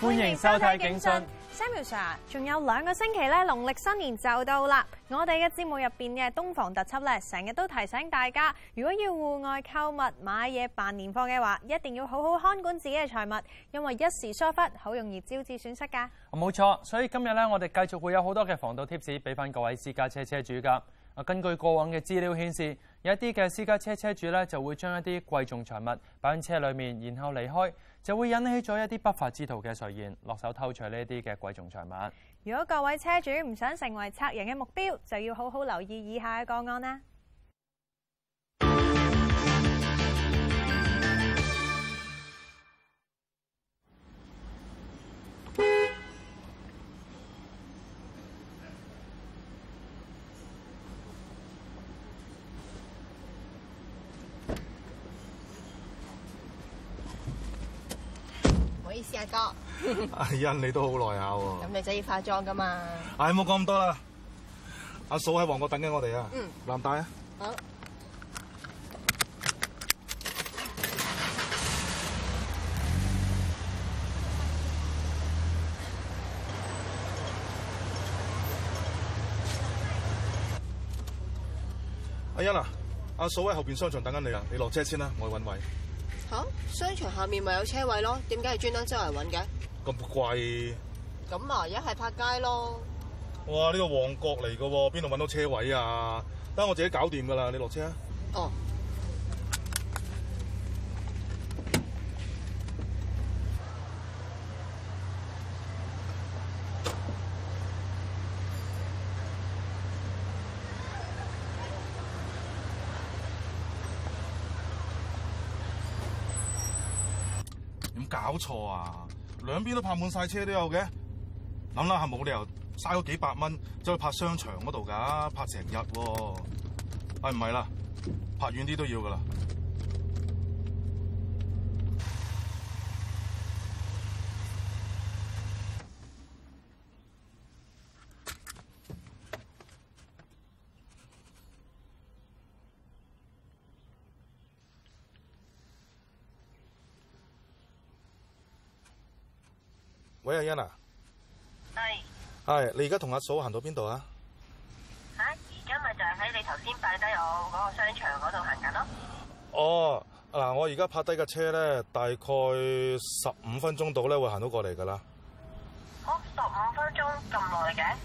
歡迎收睇警訊。Samuel sir，仲有兩個星期咧，農曆新年就到啦。我哋嘅節目入邊嘅冬防特輯咧，成日都提醒大家，如果要戶外購物買嘢辦年貨嘅話，一定要好好看管自己嘅財物，因為一時疏忽，好容易招致損失㗎。冇錯，所以今日咧，我哋繼續會有好多嘅防盜貼士畀返各位私家車車主㗎。根據過往嘅資料顯示，有一啲嘅私家車車主咧，就會將一啲貴重財物擺喺車裡面，然後離開。就會引起咗一啲不法之徒嘅出現，落手偷取呢啲嘅貴重財物。如果各位車主唔想成為賊人嘅目標，就要好好留意以下嘅個案啦。阿欣，你都好耐下喎。咁女仔要化妝噶嘛？哎，冇講咁多啦。阿嫂喺旺角等緊我哋啊。嗯。南大啊。好。阿欣啊，阿嫂喺後邊商場等緊你啊，你落車先啦，我去揾位。吓、啊，商場下面咪有車位咯，點解係專登周圍搵嘅？咁貴，咁啊，一係拍街咯。哇，呢個旺角嚟喎，邊度搵到車位啊？等我自己搞掂噶啦，你落車啊。哦。點搞錯啊！兩邊都拍滿晒，車都有嘅，諗諗下冇理由嘥咗幾百蚊走去拍商場嗰度噶，拍成日喎。啊、哎，唔係啦，拍遠啲都要噶啦。喂，阿欣啊，係，係，你而家同阿嫂行到邊度啊？吓，而家咪就係喺你頭先擺低我嗰個商場嗰度行緊咯。哦，嗱、啊，我而家泊低架車咧，大概十五分鐘到咧，會行到過嚟噶啦。哦，十五分鐘咁耐嘅？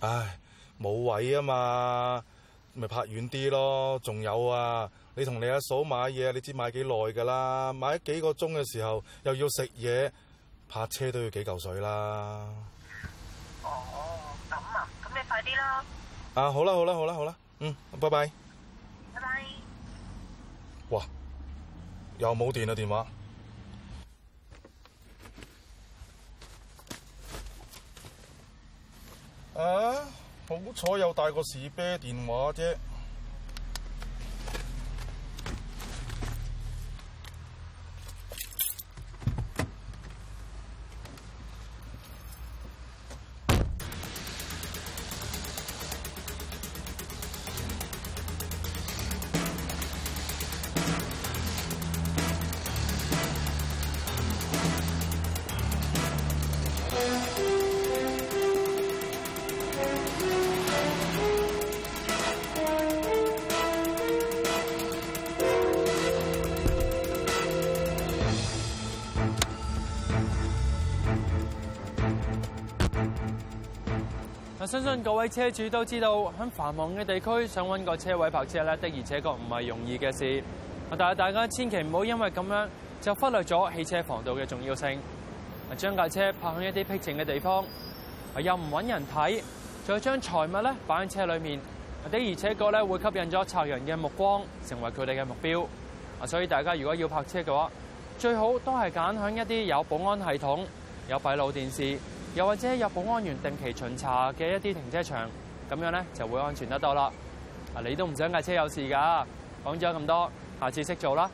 唉，冇、哎、位啊嘛，咪泊遠啲咯。仲有啊，你同你阿嫂買嘢，你知買幾耐噶啦？買咗幾個鐘嘅時，時候，又要食嘢。泊車都要幾嚿水啦。哦，咁啊，咁你快啲啦。啊，好啦，好啦，好啦，好啦，嗯，拜拜。拜拜。哇，又冇電啊，電話。啊，好彩有帶個士啤電話啫。相信各位車主都知道，喺繁忙嘅地區想揾個車位泊車咧，的而且確唔係容易嘅事。但係大家千祈唔好因為咁樣就忽略咗汽車防盜嘅重要性。將架車泊向一啲僻靜嘅地方，又唔揾人睇，再將財物咧擺喺車裏面，的而且確咧會吸引咗賊人嘅目光，成為佢哋嘅目標。所以大家如果要泊車嘅話，最好都係揀響一啲有保安系統、有閉路電視。又或者有保安員定期巡查嘅一啲停車場，咁樣咧就會安全得多啦。啊，你都唔想架車有事噶。講咗咁多，下次識做啦。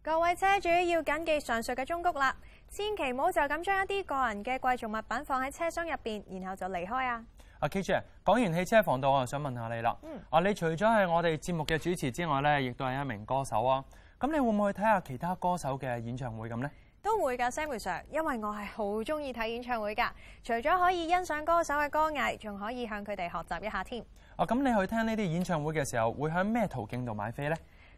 各位車主要謹記上述嘅忠告啦，千祈唔好就咁將一啲個人嘅貴重物品放喺車廂入邊，然後就離開啊。阿 K 姐，講完汽車防盜，我就想問下你啦。嗯。啊，你除咗係我哋節目嘅主持之外咧，亦都係一名歌手啊。咁你會唔會去睇下其他歌手嘅演唱會咁咧？都會噶 Samuel sir，因為我係好中意睇演唱會噶，除咗可以欣賞歌手嘅歌藝，仲可以向佢哋學習一下添。啊、哦，咁你去聽呢啲演唱會嘅時候，會喺咩途徑度買飛呢？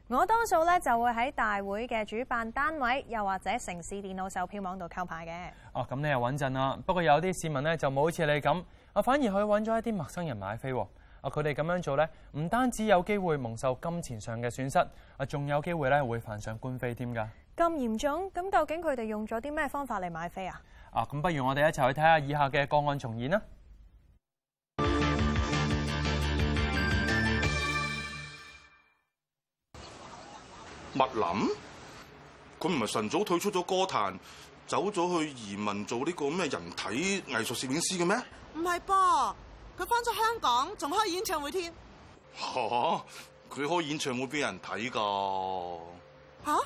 我多數咧就會喺大會嘅主辦單位，又或者城市電腦售票網度購票嘅。哦，咁你又穩陣啦。不過有啲市民咧就冇好似你咁，啊，反而去揾咗一啲陌生人買飛喎。啊、哦，佢哋咁樣做咧，唔單止有機會蒙受金錢上嘅損失，啊，仲有機會咧會犯上官非添噶。咁嚴重？咁究竟佢哋用咗啲咩方法嚟買飛啊？啊，咁不如我哋一齊去睇下以下嘅個案重演啦。麥林，佢唔係晨早退出咗歌壇，走咗去移民做呢個咩人體藝術攝影師嘅咩？唔係噃，佢返咗香港，仲開演唱會添。佢、啊、開演唱會俾人睇噶。吓、啊？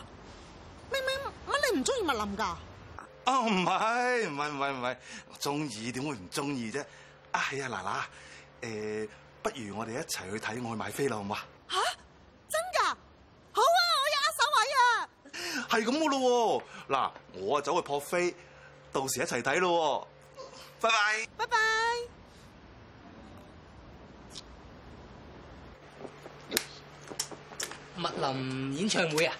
咩咩？乜你唔中意麥林噶？哦，唔係，唔係，唔係，唔係，中意，點會唔中意啫？哎呀，嗱嗱，誒、呃，不如我哋一齊去睇我去買飛啦，好唔好啊？吓，真噶？好啊，我有握手位啊。係咁噶咯，嗱，我啊走去撲飛，到時一齊睇咯。拜拜，拜拜。拜拜麥林演唱會啊！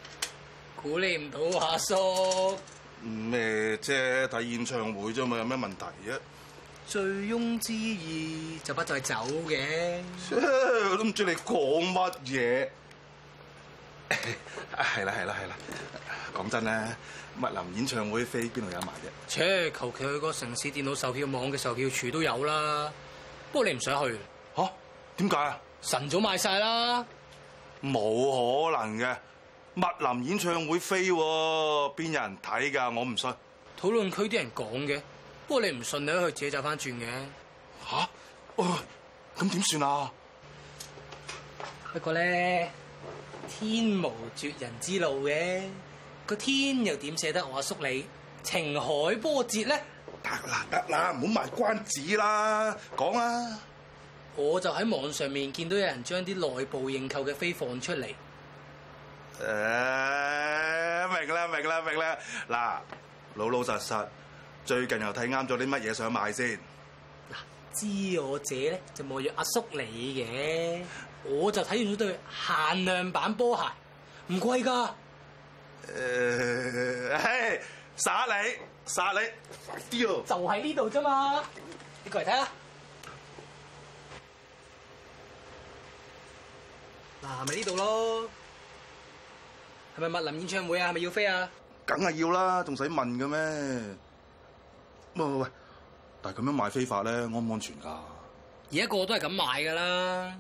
估你唔到，阿叔，叔。咩啫？睇演唱會啫嘛，有咩問題啫？醉翁之意就不在酒嘅。我都 唔知你講乜嘢。係啦係啦係啦。講真咧，麥林演唱會飛邊度有賣啫？切，求其去個城市電腦售票網嘅售票處都有啦。不過你唔想去。吓？點解啊？晨早賣晒啦。冇可能嘅。麥林演唱會飛喎，邊有人睇㗎？我唔信。討論區啲人講嘅，不過你唔信你可以自己走翻轉嘅。吓、啊？哦、哎，咁點算啊？不過咧，天無絕人之路嘅，個天又點捨得我阿叔，叔你情海波折咧？得啦得啦，唔好賣關子啦，講啊，我就喺網上面見到有人將啲內部認購嘅飛放出嚟。誒、uh,，明啦明啦明啦！嗱，老老實實，最近又睇啱咗啲乜嘢想買先？嗱，知我者咧就莫若阿叔你嘅，我就睇完咗對限量版波鞋，唔貴噶。誒，嘿，耍你耍你！快啲，就喺呢度啫嘛，你過嚟睇下！嗱、uh,，咪呢度咯。係咪墨林演唱會啊？係咪要飛啊？梗係要啦，仲使問嘅咩？喂喂喂，但係咁樣買飛法咧，安唔安全噶啊？而家個個都係咁買噶啦。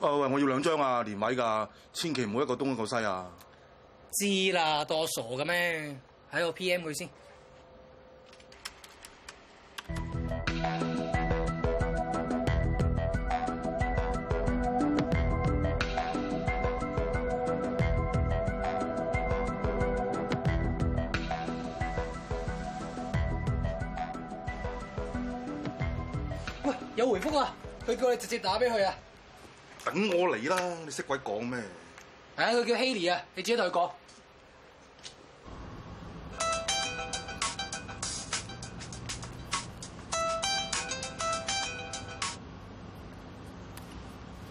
哦，我要兩張啊，連位噶，千祈唔好一個東一個西啊。知啦，多傻嘅咩？喺我 PM 佢先。佢、啊、叫你直接打俾佢啊！等我嚟啦，你識鬼講咩？係啊，佢叫希 i 啊，你自己同佢講。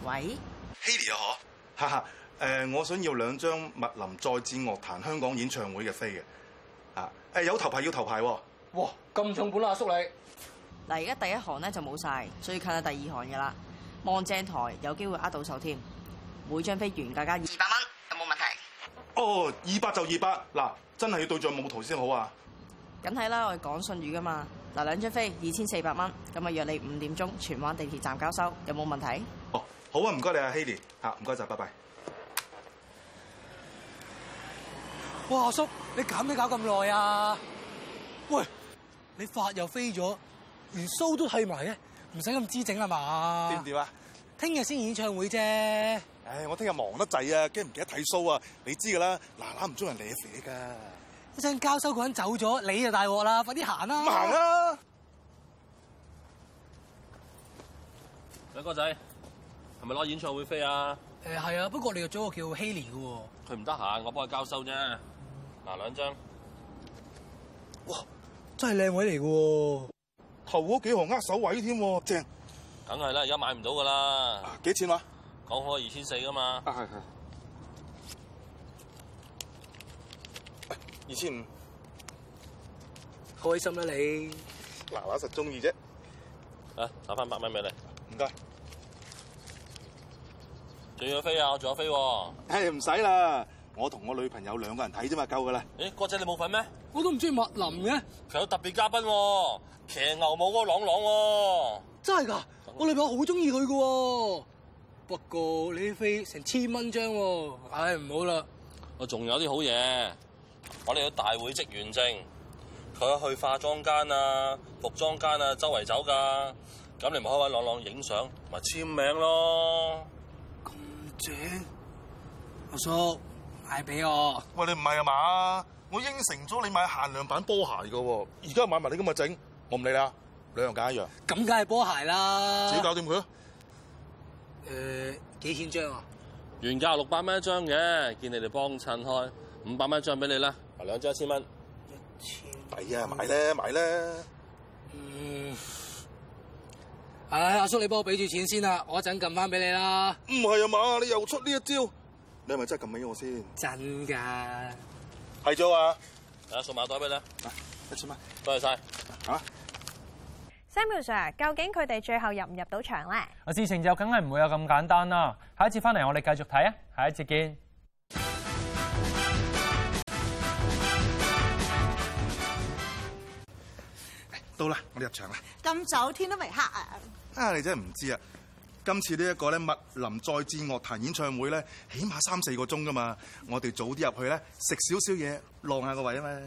喂希 i l l 啊，哈，誒， 我想要兩張密林再戰樂壇香港演唱會嘅飛嘅，啊，誒，有頭排要頭排，哇，咁重本啊，叔你。嗱，而家第一行咧就冇晒，所以近下第二行嘅啦。望正台有機會呃到手添，每張飛原價加二百蚊，有冇問題？哦，二百就二百，嗱，真係要對象冇圖先好啊。梗係啦，我哋講信譽噶嘛。嗱，兩張飛二千四百蚊，咁啊約你五點鐘荃灣地鐵站交收，有冇問題？哦，好啊，唔該你啊，希蓮，嚇唔該曬，拜拜。哇，阿叔你搞咩搞咁耐啊？喂，你發又飛咗。連 show 都睇埋嘅，唔使咁姿整啦嘛。點點啊？聽日先演唱會啫。唉，我聽日忙得滯啊，驚唔記得睇 show 啊。你知噶啦，嗱嗱唔中人惹惹噶。一陣交收嗰人走咗，你就大鑊啦！快啲行啦。行啦、啊。阿哥仔，係咪攞演唱會飛啊？誒、嗯，係啊，不過你個組叫希尼噶。佢唔得閒，我幫佢交收啫。嗱、嗯，兩張。哇，真係靚位嚟噶。頭嗰幾行握手位添、啊，正。梗係啦，而家買唔到噶啦。幾錢啊？講開二千四噶嘛。係、啊、係。二千五。開心啦、啊、你。嗱嗱實中意啫。啊，打翻百蚊俾你。唔該。仲要飛啊？我仲有飛、啊。唉、哎，唔使啦。我同我女朋友兩個人睇啫嘛，夠噶啦。誒、哎，哥仔你冇份咩？我都唔中意麥林嘅，佢、嗯、有特別嘉賓喎、哦，騎牛舞嗰個朗朗喎、哦，真係噶、嗯，我女朋友好中意佢噶，不過你飛成千蚊張、哦，唉，唔好啦，我仲有啲好嘢，我哋有大會職員證，佢去化妝間啊、服裝間啊周圍走噶，咁你咪可以搵朗朗影相同埋簽名咯，咁正，阿叔買俾我，喂，你唔係啊嘛？我應承咗你買限量版波鞋嘅，而家買埋你咁嘅整，我唔理啦，兩樣揀一樣。咁梗係波鞋啦。自己搞掂佢咯。誒、呃，幾錢張啊？原價六百蚊一張嘅，見你哋幫襯開，五百蚊一張俾你啦。啊，兩張一千蚊。一千。抵啊，買啦，買啦。嗯。唉、哎，阿叔，叔你幫我俾住錢先啦，我一陣撳翻俾你啦。唔係啊嘛，你又出呢一招，你係咪真係撳俾我先？真噶。睇咗啊！嚟啊，數下袋俾你，一千蚊，多謝晒。啊，Samuel Sir，究竟佢哋最後入唔入到場咧？啊，事情就梗係唔會有咁簡單啦。下一次翻嚟，我哋繼續睇啊！下一次見。到啦，我哋入場啦。咁早天都未黑啊！啊，你真係唔知啊！今次呢一個咧，麥林再戰樂壇演唱會咧，起碼三四個鐘噶嘛。我哋早啲入去咧，食少少嘢，晾下個位啊嘛。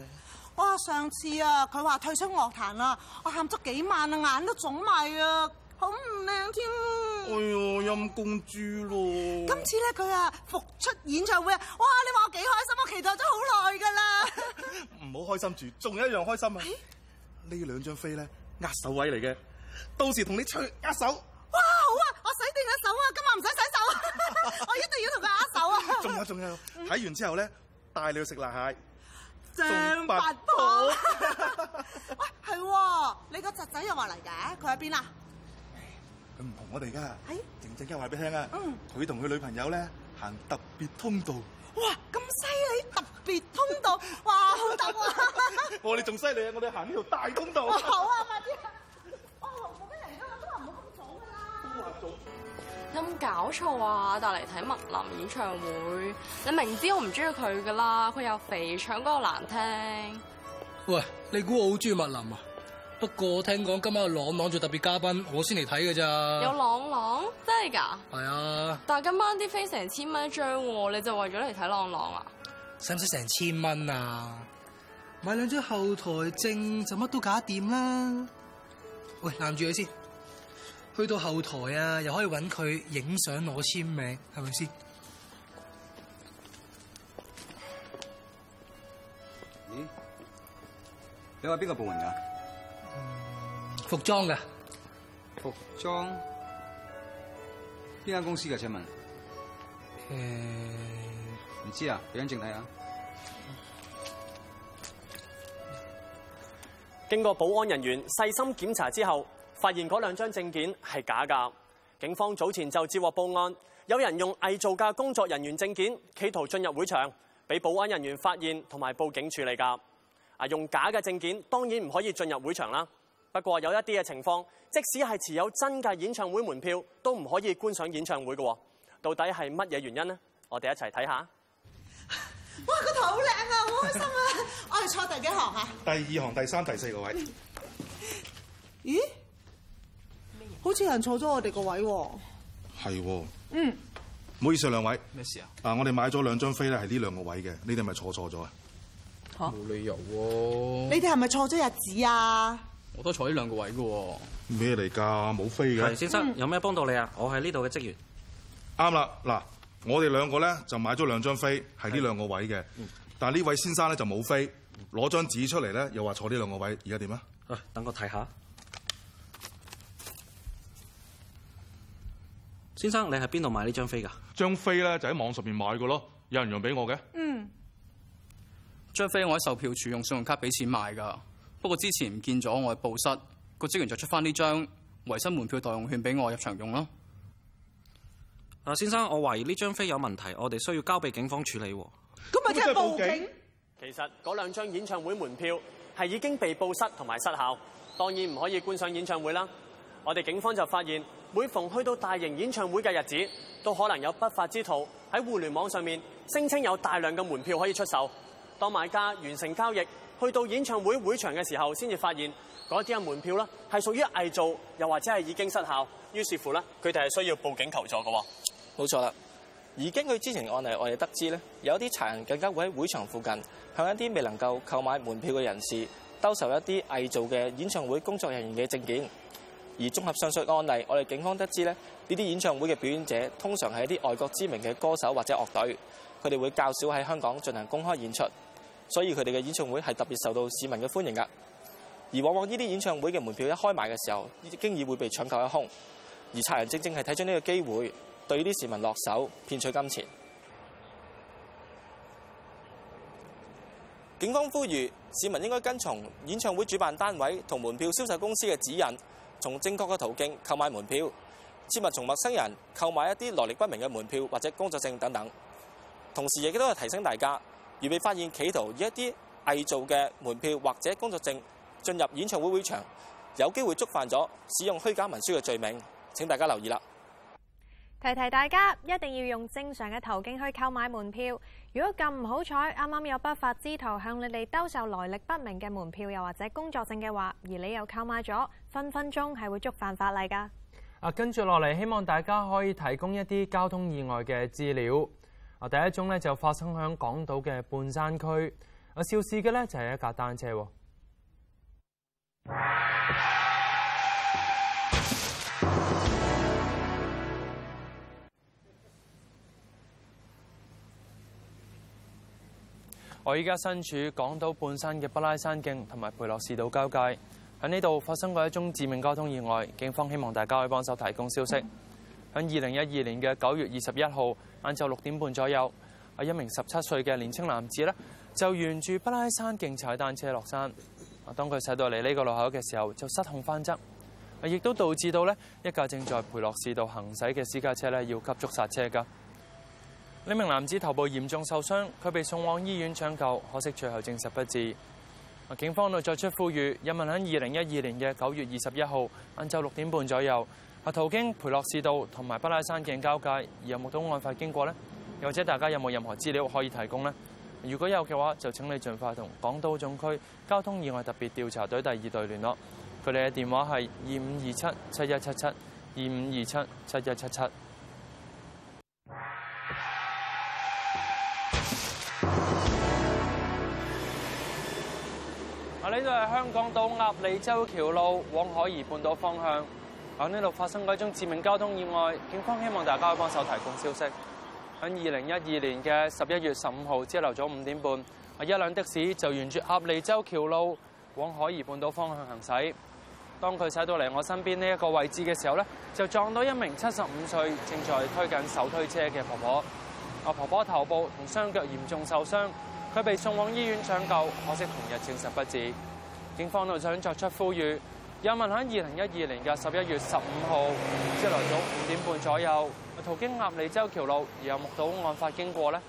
哇！上次啊，佢話退出樂壇啦，我喊咗幾晚啊，眼都腫埋啊，好唔靚添。哎唷，陰公豬咯！今次咧，佢啊復出演唱會啊，哇！你話我幾開心，我期待咗好耐㗎啦。唔 好開心住，仲有一樣開心啊！呢兩張飛咧，握手位嚟嘅，到時同你吹握手。哇！好啊！好啊！今晚唔使洗手，啊， 我一定要同佢握手啊還！仲有仲有，睇完之後咧，帶、嗯、你去食辣蟹。張伯，喂，係、啊，你個侄仔又話嚟嘅，佢喺邊啊？佢唔同我哋噶，喺靜靜雞話俾你聽啊。佢同佢女朋友咧，行特別通道。哇，咁犀利，特別通道，哇，好陡啊！ 我哋仲犀利啊！我哋行呢條大通道，啊。好啊，快啲啊！哦，冇乜人噶，都話唔好咁早噶啦。都話早。有冇搞錯啊！帶嚟睇麥林演唱會，你明知我唔中意佢噶啦，佢又肥，唱歌又難聽。喂，你估我好中意麥林啊？不過我聽講今晚有朗朗做特別嘉賓，我先嚟睇噶咋。有朗朗？真係噶？係啊。但係今晚啲飛成千蚊一張喎，你就為咗嚟睇朗朗啊？使唔使成千蚊啊？買兩張後台證就乜都搞掂啦。喂，攔住佢先。去到後台啊，又可以揾佢影相攞簽名，係咪先？咦、欸？你話邊個部門噶？服裝嘅。服裝？邊間公司嘅，請問？誒、嗯，唔知啊，有人靜睇下看。經過保安人員細心檢查之後。發現嗰兩張證件係假㗎，警方早前就接獲報案，有人用偽造嘅工作人員證件，企圖進入會場，俾保安人員發現同埋報警處理㗎。啊，用假嘅證件當然唔可以進入會場啦。不過有一啲嘅情況，即使係持有真嘅演唱會門票，都唔可以觀賞演唱會嘅。到底係乜嘢原因呢？我哋一齊睇下。哇！個台好靚啊，好開心啊！ 我哋坐第幾行啊？第二行、第三、第四個位。咦？好似人坐咗我哋個位喎，係，嗯，唔好意思啊，兩位，咩事啊？啊，我哋買咗兩張飛咧，係呢兩個位嘅，你哋咪坐錯咗啊？冇理由喎。啊，你哋係咪錯咗日子啊？我都坐呢兩個位嘅。哦，咩嚟噶？冇飛嘅，先生，嗯、有咩幫到你啊？我係呢度嘅職員，啱、嗯、啦，嗱，我哋兩個咧就買咗兩張飛，係呢兩個位嘅，但係呢位先生咧就冇飛，攞張紙出嚟咧又話坐呢兩個位，而家點啊？等我睇下。先生，你喺邊度買呢張飛噶張飛咧就喺網上面買過咯，有人用俾我嘅。嗯，張飛我喺售票處用信用卡俾錢買噶，不過之前唔見咗，我去報失，個職員就出翻呢張維新門票代用券俾我入場用咯。啊，先生，我懷疑呢張飛有問題，我哋需要交俾警方處理。咁咪即係報警？其實嗰兩張演唱會門票係已經被報失同埋失效，當然唔可以觀賞演唱會啦。我哋警方就發現。每逢去到大型演唱會嘅日子，都可能有不法之徒喺互聯網上面聲稱有大量嘅門票可以出售。當買家完成交易，去到演唱會會場嘅時候，先至發現嗰啲嘅門票咧係屬於偽造，又或者係已經失效。於是乎咧，佢哋係需要報警求助嘅。冇錯啦。而根據之前嘅案例，我哋得知咧，有啲殘人更加會喺會場附近向一啲未能夠購買門票嘅人士兜售一啲偽造嘅演唱會工作人員嘅證件。而綜合上述案例，我哋警方得知呢，呢啲演唱會嘅表演者通常係一啲外國知名嘅歌手或者樂隊，佢哋會較少喺香港進行公開演出，所以佢哋嘅演唱會係特別受到市民嘅歡迎㗎。而往往呢啲演唱會嘅門票一開賣嘅時候，經已會被搶購一空，而賊人正正係睇準呢個機會對啲市民落手騙取金錢。警方呼籲市民應該跟從演唱會主辦單位同門票銷售公司嘅指引。從正確嘅途徑購買門票，切勿從陌生人購買一啲來歷不明嘅門票或者工作證等等。同時亦都係提醒大家，如被發現企圖以一啲偽造嘅門票或者工作證進入演唱會會場，有機會觸犯咗使用虛假文書嘅罪名。請大家留意啦。提提大家，一定要用正常嘅途徑去購買門票。如果咁唔好彩，啱啱有不法之徒向你哋兜售來歷不明嘅門票，又或者工作證嘅話，而你又購買咗，分分鐘係會觸犯法例噶。啊，跟住落嚟，希望大家可以提供一啲交通意外嘅資料。啊，第一宗呢，就發生響港島嘅半山區。啊，肇事嘅呢，就係是一架單車哦。啊我依家身處港島半山嘅不拉山徑同埋培洛士道交界，喺呢度發生過一宗致命交通意外，警方希望大家可以幫手提供消息。喺二零一二年嘅九月二十一號晏晝六點半左右，啊，一名十七歲嘅年輕男子咧就沿住不拉山徑踩單車落山，啊，當佢踩到嚟呢個路口嘅時候就失控翻側，亦都導致到咧一架正在培洛士道行駛嘅私家車咧要急速剎車噶。呢名男子頭部嚴重受傷，佢被送往醫院搶救，可惜最後證實不治。警方又再作出呼籲，有人喺二零一二年嘅九月二十一號晏晝六點半左右，途經培樂士道同埋布拉山徑交界，有冇到案發經過呢？又或者大家有冇任何資料可以提供呢？如果有嘅話，就請你盡快同港島總區交通意外特別調查隊第二隊聯絡，佢哋嘅電話係二五二七七一七七二五二七七一七七。呢度係香港島鴨脷洲橋路往海怡半島方向，喺呢度發生過一宗致命交通意外，警方希望大家可以幫手提供消息。喺二零一二年嘅十一月十五號，朝頭早五點半，一輛的士就沿住鴨脷洲橋路往海怡半島方向行駛，當佢駛到嚟我身邊呢一個位置嘅時候咧，就撞到一名七十五歲正在推緊手推車嘅婆婆，啊婆婆頭部同雙腳嚴重受傷。佢被送往醫院搶救，可惜同日證實不治。警方都想作出呼籲：有冇人喺二零一二年嘅十一月十五號即係來早五點半左右途經鴨脷洲橋路，而有目睹案發經過呢？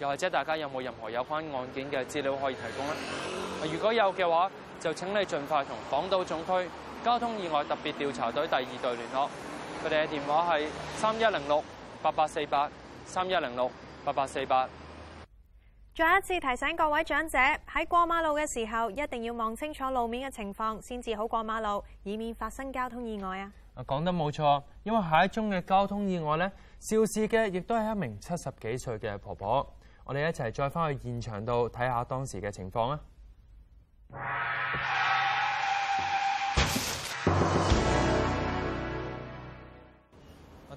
又或者大家有冇任何有關案件嘅資料可以提供呢？如果有嘅話，就請你盡快同港島總區交通意外特別調查隊第二隊聯絡。佢哋嘅電話係三一零六八八四八，三一零六八八四八。再一次提醒各位長者喺過馬路嘅時候，一定要望清楚路面嘅情況，先至好過馬路，以免發生交通意外啊！講得冇錯，因為下一宗嘅交通意外呢，肇事嘅亦都係一名七十幾歲嘅婆婆。我哋一齊再翻去現場度睇下當時嘅情況啦！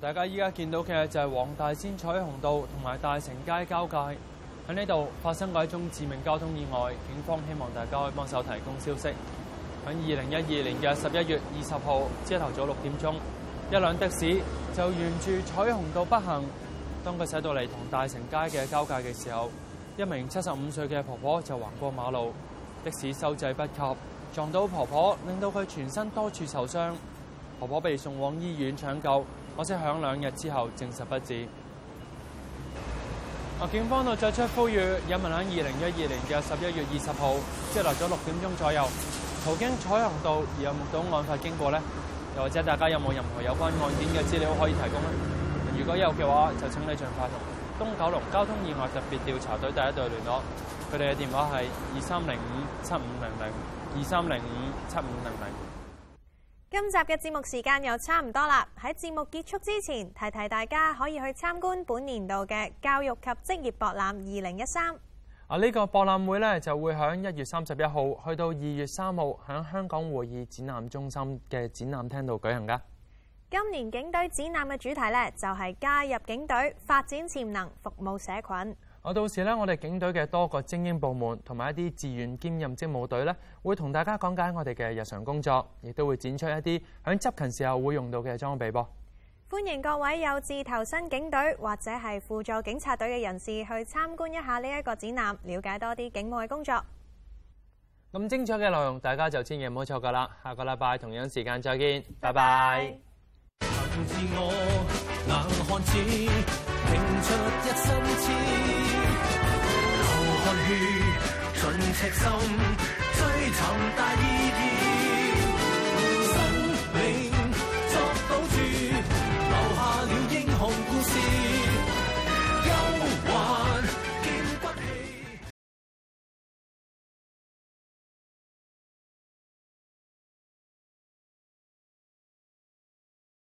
大家依家見到嘅就係黃大仙彩虹道同埋大成街交界。喺呢度發生過一宗致命交通意外，警方希望大家可以幫手提供消息。喺二零一二年嘅十一月二十號，朝頭早六點鐘，一輛的士就沿住彩虹道北行。當佢駛到嚟同大成街嘅交界嘅時候，一名七十五歲嘅婆婆就橫過馬路，的士收掣不及，撞到婆婆，令到佢全身多處受傷。婆婆被送往醫院搶救，可惜響兩日之後證實不治。警方又作出呼籲，有民喺二零一二年嘅十一月二十號，即係嚟咗六點鐘左右，途經彩虹道而有目睹案發經過咧，又或者大家有冇任何有關案件嘅資料可以提供咧？如果有嘅話，就請你盡快同東九龍交通意外特別調查隊第一隊聯絡，佢哋嘅電話係二三零五七五零零二三零五七五零零。今集嘅節目時間又差唔多啦，喺節目結束之前，提提大家可以去參觀本年度嘅教育及職業博覽二零一三。啊，呢個博覽會咧就會響一月三十一號去到二月三號，響香港會議展覽中心嘅展覽廳度舉行噶今年警隊展覽嘅主題咧就係加入警隊，發展潛能，服務社群。我到時咧，我哋警隊嘅多個精英部門同埋一啲志願兼任職務隊咧，會同大家講解我哋嘅日常工作，亦都會展出一啲喺執勤時候會用到嘅裝備噃。歡迎各位有志投身警隊或者係輔助警察隊嘅人士去參觀一下呢一個展覽，了解多啲警務嘅工作。咁精彩嘅內容，大家就千祈唔好錯㗎啦！下個禮拜同樣時間再見，拜拜。拜拜。出一身痴，流汗血，盡赤心，追尋大義。